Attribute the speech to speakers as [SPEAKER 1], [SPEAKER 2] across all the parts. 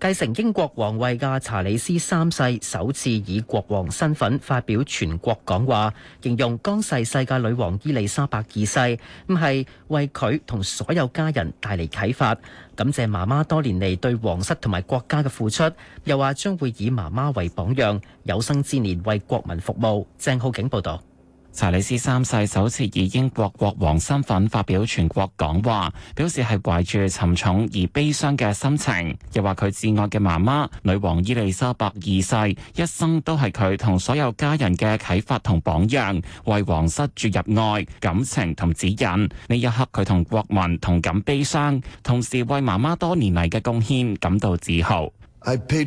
[SPEAKER 1] 繼承英國王位嘅查理斯三世，首次以國王身份發表全國講話，形容剛逝世嘅女王伊麗莎白二世噉係為佢同所有家人帶嚟啟發，感謝媽媽多年嚟對皇室同埋國家嘅付出，又話將會以媽媽為榜樣，有生之年為國民服務。鄭浩景報
[SPEAKER 2] 道。查理斯三世首次以英國國王身份發表全國講話，表示係懷住沉重而悲傷嘅心情，又話佢至愛嘅媽媽女王伊麗莎白二世一生都係佢同所有家人嘅啟發同榜樣，為皇室注入愛、感情同指引。呢一刻佢同國民同感悲傷，同時為媽媽多年嚟嘅貢獻感到自豪。I pay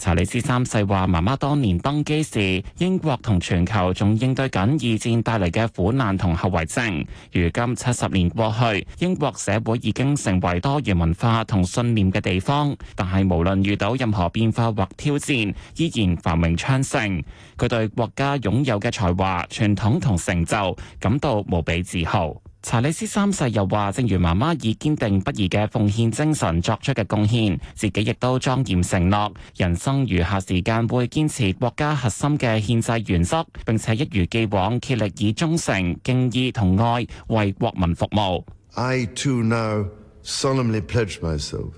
[SPEAKER 2] 查理斯三世話媽媽當年登基時，英國同全球仲應對緊二戰帶嚟嘅苦難同後遺症。如今七十年過去，英國社會已經成為多元文化同信念嘅地方，但係無論遇到任何變化或挑戰，依然繁榮昌盛。佢對國家擁有嘅才華、傳統同成就感到無比自豪。查理斯三世又話，正如媽媽以堅定不移嘅奉獻精神作出嘅貢獻，自己亦都莊嚴承諾，人生餘下時間會堅持國家核心嘅憲制原則，並且一如既往竭力以忠誠、敬意同愛為國民服務。I too now solemnly pledge myself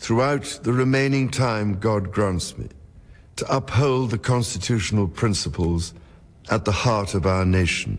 [SPEAKER 2] throughout the remaining time God grants me to uphold the constitutional principles at the heart of our nation.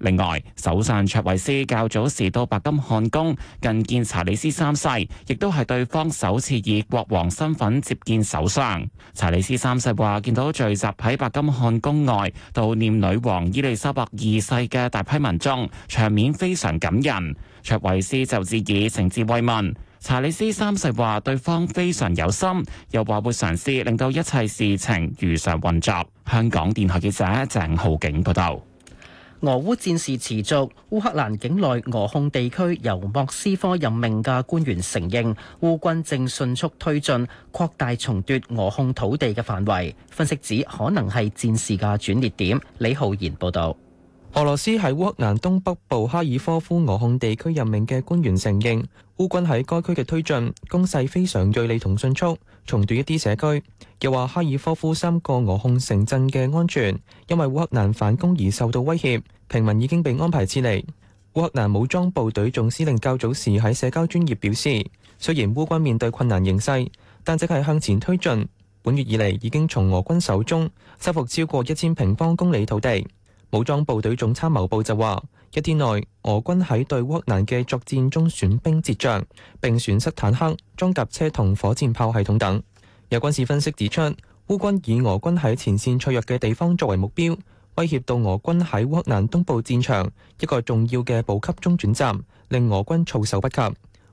[SPEAKER 2] 另外，首相卓慧思較早時到白金漢宮覲見查理斯三世，亦都係對方首次以國王身份接見首相。查理斯三世話：見到聚集喺白金漢宮外悼念女王伊利沙伯二世嘅大批民眾，場面非常感人。卓慧思就致以誠摯慰問。查理斯三世話：對方非常有心，又話會嘗試令到一切事情如常運作。香港電台記者鄭浩景報道。
[SPEAKER 1] 俄烏戰事持續，烏克蘭境內俄控地區由莫斯科任命嘅官員承認，烏軍正迅速推進，擴大重奪俄控土地嘅範圍。分析指可能係戰事嘅轉捩點。李浩然報導。俄
[SPEAKER 3] 羅斯喺烏克蘭東北部哈爾科夫俄控地區任命嘅官員承認，烏軍喺該區嘅推進攻勢非常銳利同迅速，重奪一啲社區。又話哈爾科夫三個俄控城鎮嘅安全，因為烏克蘭反攻而受到威脅，平民已經被安排撤離。烏克蘭武裝部隊總司令較早時喺社交專業表示，雖然烏軍面對困難形勢，但正係向前推進。本月以嚟已經從俄軍手中收復超過一千平方公里土地。武裝部隊總參謀部就話，一天內俄軍喺對烏克蘭嘅作戰中損兵折將，並損失坦克、裝甲車同火箭炮系統等。有軍事分析指出，烏軍以俄軍喺前線脆弱嘅地方作為目標，威脅到俄軍喺烏克蘭東部戰場一個重要嘅補給中轉站，令俄軍措手不及。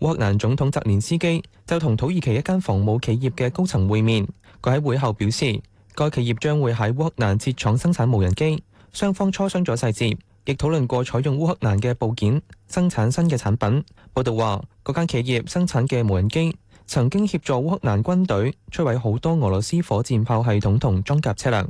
[SPEAKER 3] 烏克蘭總統澤連斯基就同土耳其一間防務企業嘅高層會面，佢喺會後表示，該企業將會喺烏克蘭設廠生產無人機。雙方磋商咗細節，亦討論過採用烏克蘭嘅部件生產新嘅產品。報道話，嗰間企業生產嘅無人機曾經協助烏克蘭軍隊摧毀好多俄羅斯火箭炮系統同裝甲車輛。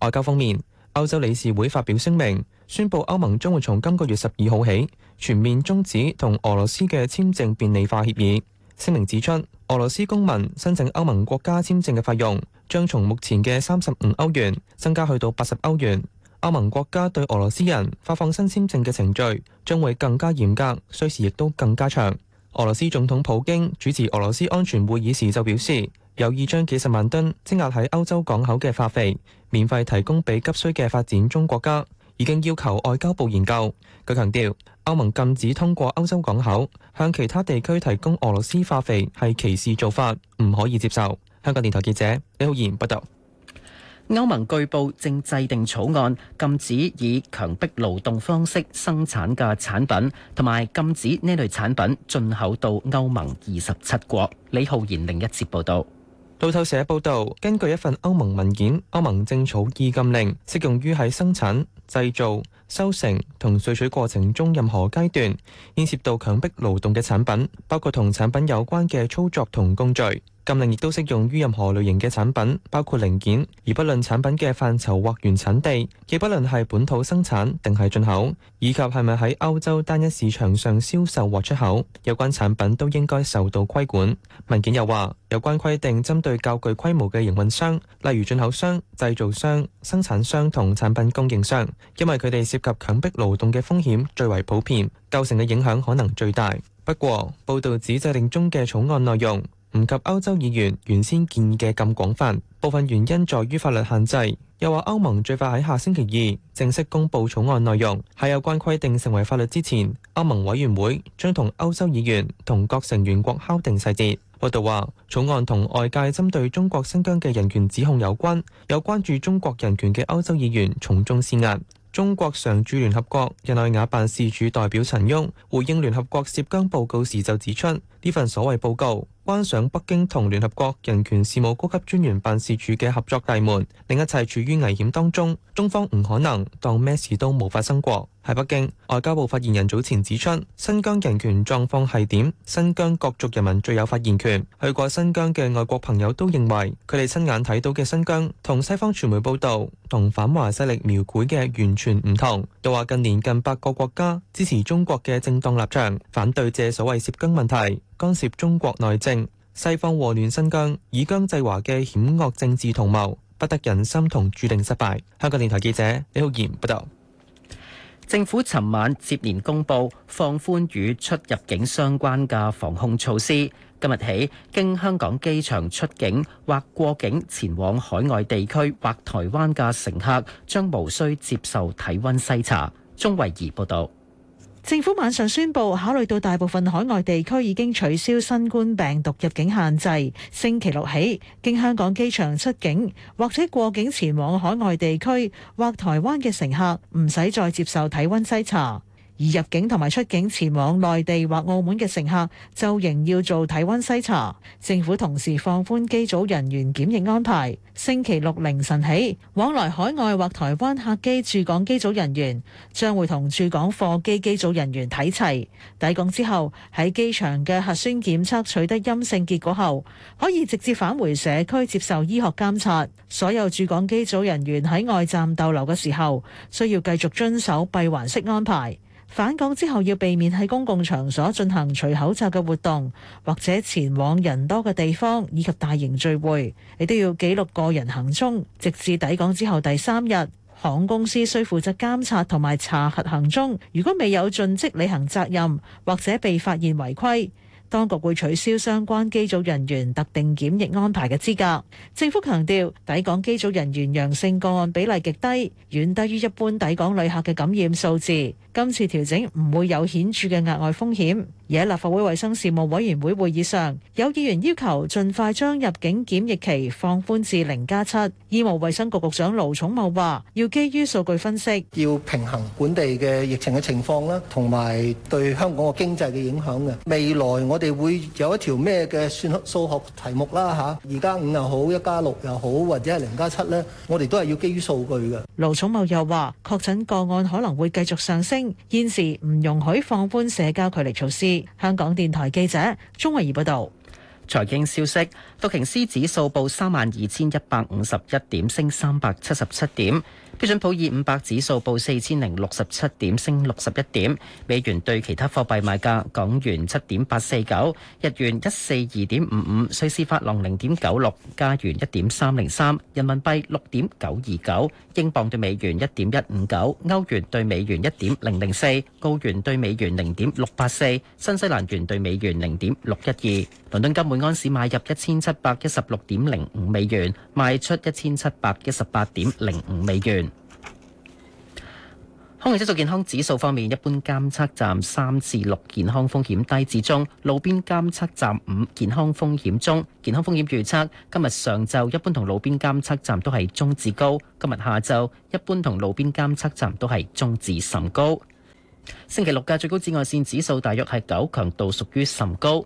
[SPEAKER 3] 外交方面，歐洲理事會發表聲明，宣佈歐盟將會從今個月十二號起全面終止同俄羅斯嘅簽證便利化協議。聲明指出，俄羅斯公民申請歐盟國家簽證嘅費用將從目前嘅三十五歐元增加去到八十歐元。歐盟國家對俄羅斯人發放新簽證嘅程序將會更加嚴格，需時亦都更加長。俄羅斯總統普京主持俄羅斯安全會議時就表示，有意將幾十萬噸積壓喺歐洲港口嘅化肥免費提供俾急需嘅發展中國家，已經要求外交部研究。佢強調，歐盟禁止通過歐洲港口向其他地區提供俄羅斯化肥係歧視做法，唔可以接受。香港電台記者李浩然報道。歐盟據報正制定草案，禁止以強迫勞
[SPEAKER 1] 動方式生產嘅產品，同埋禁止呢類產品進口到歐
[SPEAKER 3] 盟二十七國。李浩然另一節報道。路透社報道，根據一份歐盟文件，歐盟正草擬禁令，適用於喺生產、製造、收成同萃取過程中任何階段牽涉到強迫勞動嘅產品，包括同產品有關嘅操作同工序。禁令亦都適用於任何類型嘅產品，包括零件，而不論產品嘅範疇或原產地，亦不論係本土生產定係進口，以及係咪喺歐洲單一市場上銷售或出口。有關產品都應該受到規管。文件又話，有關規定針對較具規模嘅營運商，例如進口商、製造商、生產商同產品供應商，因為佢哋涉及強迫勞動嘅風險最為普遍，構成嘅影響可能最大。不過，報道指制定中嘅草案內容。唔及歐洲議員原先建議嘅咁廣泛，部分原因在於法律限制。又話歐盟最快喺下星期二正式公布草案內容，喺有關規定成為法律之前，歐盟委員會將同歐洲議員同各成員國敲定細節。報道話，草案同外界針對中國新疆嘅人權指控有關，有關注中國人權嘅歐洲議員從中施壓。中國常駐聯合國日內瓦辦事處代表陳旭回應聯合國涉疆報告時就指出，呢份所謂報告。關上北京同聯合國人權事務高級專員辦事處嘅合作大門，令一切處於危險當中。中方唔可能當咩事都冇發生過。喺北京，外交部發言人早前指出，新疆人權狀況係點？新疆各族人民最有發言權。去過新疆嘅外國朋友都認為，佢哋親眼睇到嘅新疆同西方傳媒報導同反華勢力描繪嘅完全唔同。又話近年近百個國家支持中國嘅正當立場，反對借所謂涉疆問題，干涉中國內政、西方禍亂新疆、以疆制華嘅險惡政治同謀不得人心同注定失敗，香港電台記者李浩然報道，
[SPEAKER 1] 政府尋晚接連公布放寬與出入境相關嘅防控措施。今日起，經香港機場出境或過境前往海外地區或台灣嘅乘客，將無需接受體温篩查。鐘慧儀報道。
[SPEAKER 4] 政府晚上宣布，考慮到大部分海外地區已經取消新冠病毒入境限制，星期六起，經香港機場出境或者過境前往海外地區或台灣嘅乘客，唔使再接受體溫篩查。而入境同埋出境前往內地或澳門嘅乘客，就仍要做體温篩查。政府同時放寬機組人員檢疫安排。星期六凌晨起，往來海外或台灣客機駐港機組人員將會同駐港貨機機組人員睇齊。抵港之後，喺機場嘅核酸檢測取得陰性結果後，可以直接返回社區接受醫學監察。所有駐港機組人員喺外站逗留嘅時候，需要繼續遵守閉環式安排。返港之後要避免喺公共場所進行除口罩嘅活動，或者前往人多嘅地方以及大型聚會。你都要記錄個人行蹤，直至抵港之後第三日，航空公司需負責監察同埋查核行蹤。如果未有盡職履行責任或者被發現違規，當局會取消相關機組人員特定檢疫安排嘅資格。政府強調抵港機組人員陽性個案比例極低，遠低於一般抵港旅客嘅感染數字。今次調整唔會有顯著嘅額外風險。而喺立法會衞生事務委員會會議上，有議員要求盡快將入境檢疫期放寬至零加七。醫務衛生局局長盧寵茂話：要基於數據分析，要平衡本地嘅疫情嘅情況啦，同埋對香港嘅經濟嘅影響嘅未來我哋會
[SPEAKER 3] 有一條咩嘅算數學題目啦吓，二加五又好，一加六又好，或者係零加七咧，我哋都係要基於數據嘅。
[SPEAKER 4] 盧寵茂又話，確診個案可能會繼續上升，現時唔容許放寬社交距離措施。香港電台記者鍾慧儀報導。
[SPEAKER 1] 財經消息，道瓊斯指數報三萬二千一百五十一點，升三百七十七點。標準普爾五百指數報四千零六十七點，升六十一點。美元對其他貨幣賣價：港元七點八四九，日元一四二點五五，瑞士法郎零點九六，加元一點三零三，人民幣六點九二九，英鎊對美元一點一五九，歐元對美元一點零零四，高元對美元零點六八四，新西蘭元對美元零點六一二。倫敦金每安士買入一千七百一十六點零五美元，賣出一千七百一十八點零五美元。空氣質素健康指數方面，一般監測站三至六，健康風險低至中，路邊監測站五，健康風險中。健康風險預測，今日上晝一般同路邊監測站都係中至高，今日下晝一般同路邊監測站都係中至甚高。星期六嘅最高紫外線指數大約係九，強度屬於甚高。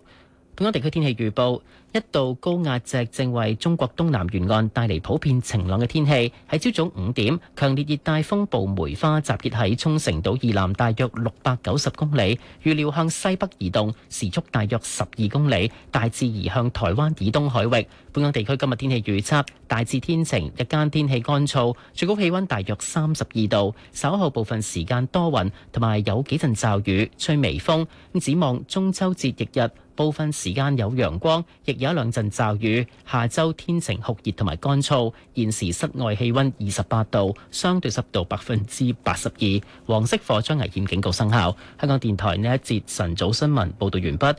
[SPEAKER 1] 本港地區天氣預報。一道高壓脊正為中國東南沿岸帶嚟普遍晴朗嘅天氣。喺朝早五點，強烈熱帶風暴梅花集結喺沖繩島以南大約六百九十公里，預料向西北移動，時速大約十二公里，大致移向台灣以東海域。本港地區今日天氣預測大致天晴，日間天氣乾燥，最高氣温大約三十二度。稍後部分時間多雲，同埋有幾陣驟雨，吹微風。咁指望中秋節翌日，部分時間有陽光，亦有一兩陣驟雨，下周天晴酷熱同埋乾燥。現時室外氣温二十八度，相對濕度百分之八十二，黃色火災危險警告生效。香港電台呢一節晨早新聞報道完畢。